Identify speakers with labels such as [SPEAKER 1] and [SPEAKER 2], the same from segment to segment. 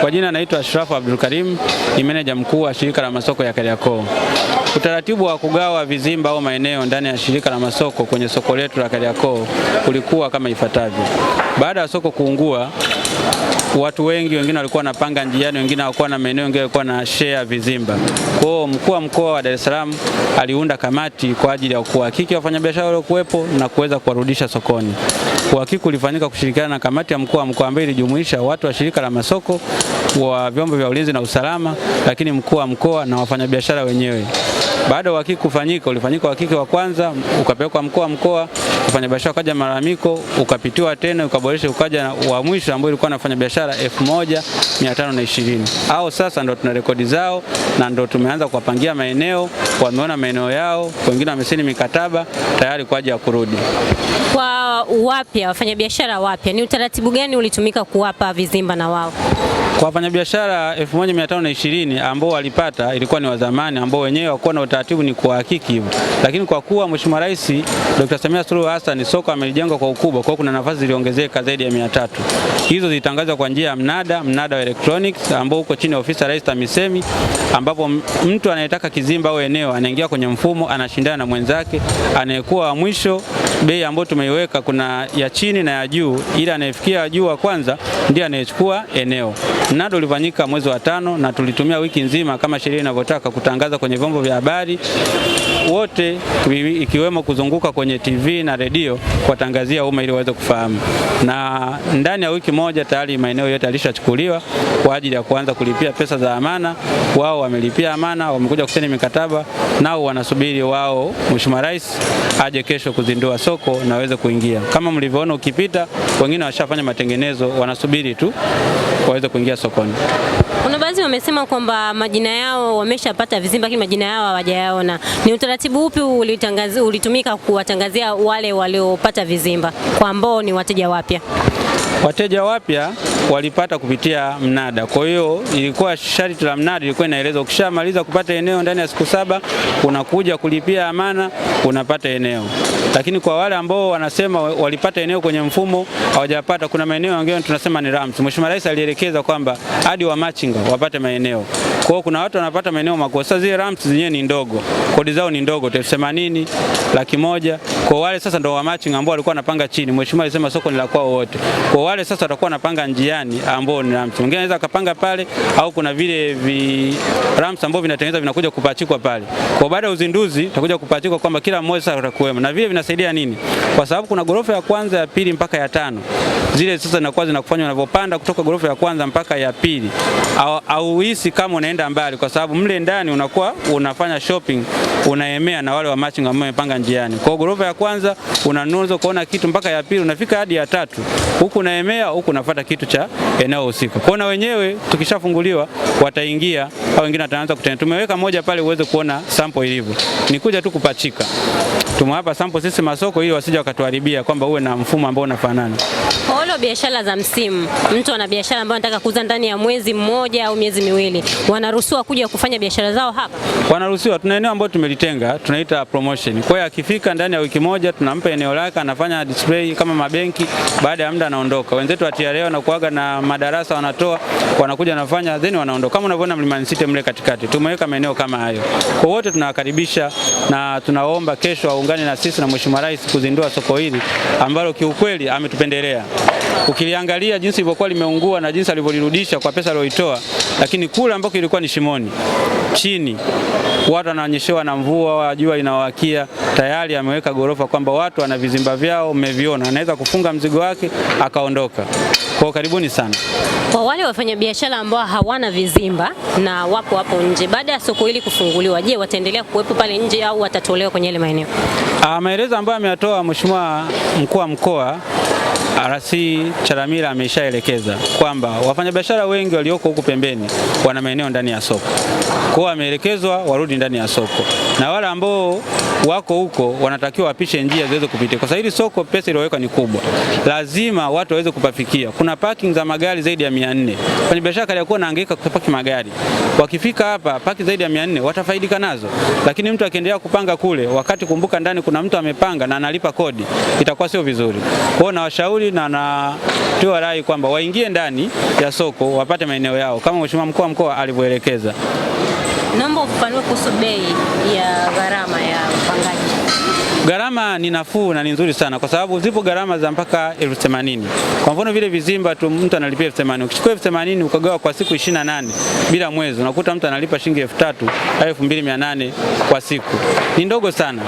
[SPEAKER 1] Kwa jina naitwa Ashrafu Abdul Karim, ni meneja mkuu wa shirika la masoko ya Kariakoo. Utaratibu wa kugawa vizimba au maeneo ndani ya shirika la masoko kwenye soko letu la Kariakoo ulikuwa kama ifuatavyo. Baada ya soko kuungua, watu wengi, wengine walikuwa wanapanga njiani, wengine hawakuwa na maeneo, wengine walikuwa na share vizimba. Kwa hiyo mkuu wa mkoa wa Dar es Salaam aliunda kamati kwa ajili ya kuhakiki wafanyabiashara waliokuwepo na kuweza kuwarudisha sokoni. Uhakiki ulifanyika kushirikiana na kamati ya mkuu wa mkoa ambayo ilijumuisha watu wa shirika la masoko, wa vyombo vya ulinzi na usalama, lakini mkuu wa mkoa na wafanyabiashara wenyewe. Baada ya uhakiki kufanyika, ulifanyika uhakiki wa kwanza, ukapelekwa mkoa wa mkoa, biashara ukaja malalamiko, ukapitiwa tena, ukaboresha, ukaja wa mwisho ambao ilikuwa na biashara 1520 au sasa ndo tuna rekodi zao na ndo tumeanza kuwapangia maeneo, wameona maeneo yao, wengine wamesaini mikataba tayari kwa ajili ya kurudi.
[SPEAKER 2] Kwa wapya wafanyabiashara wapya, ni utaratibu gani ulitumika kuwapa vizimba na wao?
[SPEAKER 1] Kwa wafanyabiashara 1520 ambao walipata ilikuwa ni wazamani ambao wenyewe wakuwa na utaratibu ni kuhakiki hivyo, lakini kwa kuwa Mheshimiwa Rais Dr. Samia Suluhu Hassan soko amelijenga kwa ukubwa, kwa kuna nafasi ziliongezeka zaidi ya 300. Hizo zilitangazwa kwa njia ya mnada, mnada wa electronics ambao uko chini ya ofisi ya Rais TAMISEMI, ambapo mtu anayetaka kizimba au eneo anaingia kwenye mfumo, anashindana na mwenzake, anayekuwa wa mwisho bei ambayo tumeiweka kuna ya chini na ya juu, ila anayefikia juu wa kwanza ndiye anayechukua eneo nalo ulifanyika mwezi wa tano na tulitumia wiki nzima kama sheria inavyotaka kutangaza kwenye vyombo vya habari wote ikiwemo kuzunguka kwenye TV na redio kuwatangazia umma ili waweze kufahamu, na ndani ya wiki moja tayari maeneo yote yalishachukuliwa kwa ajili ya kuanza kulipia pesa za amana. Wao wamelipia amana, wamekuja kusaini mikataba, nao wanasubiri wao Mheshimiwa Rais aje kesho kuzindua soko na waweze kuingia. Kama mlivyoona ukipita, wengine washafanya matengenezo, wanasubiri tu waweze kuingia sokoni.
[SPEAKER 2] Kuna baadhi wamesema kwamba majina yao wameshapata vizimba, lakini majina yao hawajayaona. Ni utaratibu utaratibu upi ulitumika kuwatangazia wale waliopata vizimba kwa ambao ni wateja wapya?
[SPEAKER 1] Wateja wapya walipata kupitia mnada. Kwa hiyo ilikuwa sharti la mnada ilikuwa inaeleza ukishamaliza kupata eneo ndani ya siku saba unakuja kulipia amana, unapata eneo. Lakini kwa wale ambao wanasema walipata eneo kwenye mfumo hawajapata, kuna maeneo ambayo tunasema ni rams. Mheshimiwa Rais alielekeza kwamba hadi wa machinga wapate maeneo. Kwa hiyo kuna watu wanapata maeneo makubwa. Sasa zile rams zenyewe ni ndogo, kodi zao ni ndogo, elfu themanini laki moja. Kwa wale sasa ndio wa machinga ambao walikuwa wanapanga chini, Mheshimiwa alisema soko ni la kwao wote. Kwa wale sasa watakuwa wanapanga njia gani ambao ni ramps. Mwingine anaweza akapanga pale au kuna vile vi ramps ambao vinatengenezwa vinakuja kupachikwa pale. Kwa baada ya uzinduzi tutakuja kupachikwa kwamba kila mmoja sasa atakuwemo. Na vile vinasaidia nini? Kwa sababu kuna gorofa ya kwanza, ya pili mpaka ya tano zile sasa zinakuwa zinakufanya unavyopanda kutoka ghorofa ya kwanza mpaka ya pili, hauhisi kama unaenda mbali, kwa sababu mle ndani unakuwa unafanya shopping, unaemea na wale wa matching ambao wamepanga njiani. Kwa ghorofa ya kwanza unanuzo kuona kitu mpaka ya pili, unafika hadi ya tatu, huku unaemea, huku unafuata kitu cha eneo husika. Kwa na wenyewe tukishafunguliwa wataingia au wengine ataanza kutenda. Tumeweka moja pale uweze kuona sample ilivyo, ni kuja tu kupachika. Tumewapa sample sisi masoko ili wasije wakatuharibia, kwamba uwe na mfumo ambao unafanana.
[SPEAKER 2] Kwa biashara za msimu, mtu ana biashara ambayo anataka kuuza ndani ya mwezi mmoja au miezi miwili, wanaruhusiwa kuja kufanya biashara zao hapa?
[SPEAKER 1] Wanaruhusiwa, tuna eneo ambalo tumelitenga tunaita promotion. Kwa hiyo akifika ndani ya wiki moja tunampa eneo lake, anafanya display kama mabenki, baada ya muda anaondoka. Wenzetu wa TRA wanakuaga na madarasa wanatoa, wanakuja wanafanya then wanaondoka, kama unavyoona Mlimani City wote mle katikati tumeweka maeneo kama hayo. Kwa wote tunawakaribisha na tunaomba kesho waungane na sisi na Mheshimiwa Rais kuzindua soko hili ambalo kiukweli ametupendelea. Ukiliangalia jinsi ilivyokuwa limeungua na jinsi alivyolirudisha kwa pesa aliyoitoa, lakini kule ambako ilikuwa ni shimoni chini, watu wananyeshewa na mvua, jua inawakia tayari ameweka gorofa kwamba watu wana vizimba vyao, mmeviona, anaweza kufunga mzigo wake akaondoka. Kwa karibuni sana
[SPEAKER 2] kwa wale wafanyabiashara ambao hawana vizimba na wapo hapo nje, baada ya soko hili kufunguliwa, je, wataendelea kuwepo pale nje au watatolewa kwenye yale maeneo?
[SPEAKER 1] Ah, maelezo ambayo ameyatoa Mheshimiwa mkuu wa mkoa RC Chalamila ameshaelekeza kwamba wafanyabiashara wengi walioko huku pembeni wana maeneo ndani ya soko, kwa hiyo wameelekezwa warudi ndani ya soko, na wale ambao wako huko wanatakiwa wapishe njia ziweze kupitia, kwa sababu hili soko pesa iliyowekwa ni kubwa, lazima watu waweze kupafikia. Kuna parking za magari zaidi ya 400. Wafanyabiashara yakuwa naangaika kupaki magari, wakifika hapa paki zaidi ya 400 watafaidika nazo, lakini mtu akiendelea kupanga kule, wakati kumbuka ndani kuna mtu amepanga na analipa kodi, itakuwa sio vizuri. Kwa hiyo nawashauri vizuri, na natoa rai kwamba waingie ndani ya soko wapate maeneo yao kama Mheshimiwa mkuu wa mkoa alivyoelekeza.
[SPEAKER 2] Naomba ufafanue kuhusu bei ya gharama ya upangaji.
[SPEAKER 1] Gharama ni nafuu na ni nzuri sana kwa sababu zipo gharama za mpaka elfu themanini. Kwa mfano vile vizimba tu mtu analipia elfu themanini. Ukichukua elfu themanini ukagawa kwa siku 28 bila mwezi unakuta mtu analipa shilingi elfu tatu au elfu mbili mia nane kwa siku. Ni ndogo sana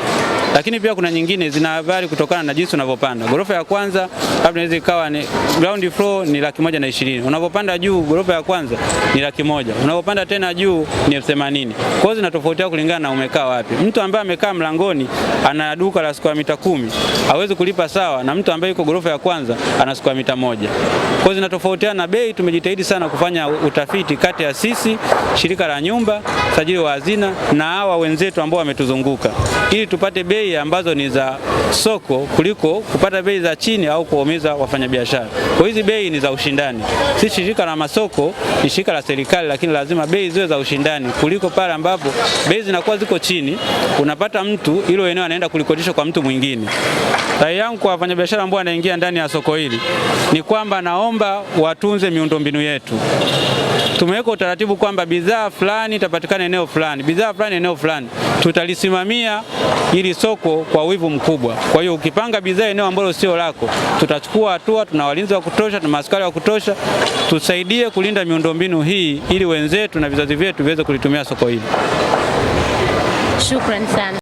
[SPEAKER 1] lakini pia kuna nyingine zina habari kutokana na jinsi unavyopanda. Gorofa ya kwanza labda inaweza ikawa ni ground floor ni laki moja na ishirini, Unavyopanda juu gorofa ya kwanza ni laki moja, unavyopanda tena juu ni elfu themanini. Kwa hiyo zinatofautiana kulingana na umekaa wapi. Mtu ambaye amekaa mlangoni ana duka la square mita kumi hawezi kulipa sawa na mtu ambaye yuko gorofa ya kwanza ana square mita moja. Kwa hiyo zinatofautiana na bei. Tumejitahidi sana kufanya utafiti kati ya sisi, shirika la nyumba, sajili wa hazina na hawa wenzetu ambao wametuzunguka ili tupate bei bei ambazo ni za soko kuliko kupata bei za chini au kuwaumiza wafanyabiashara. Kwa hizi bei ni za ushindani. Si shirika la masoko ni shirika la serikali, lakini lazima bei ziwe za ushindani kuliko pale ambapo bei zinakuwa ziko chini, unapata mtu ilo eneo anaenda kulikodisha kwa mtu mwingine. Rai yangu kwa wafanyabiashara ambao wanaingia ndani ya soko hili ni kwamba naomba watunze miundombinu yetu. Tumeweka utaratibu kwamba bidhaa fulani itapatikana eneo fulani, bidhaa fulani eneo fulani, tutalisimamia ili so soko kwa wivu mkubwa. Kwa hiyo ukipanga bidhaa eneo ambalo sio lako, tutachukua hatua. Tuna walinzi wa kutosha, tuna maaskari wa kutosha, tusaidie kulinda miundombinu hii ili wenzetu na vizazi vyetu viweze kulitumia soko hili. Shukrani sana.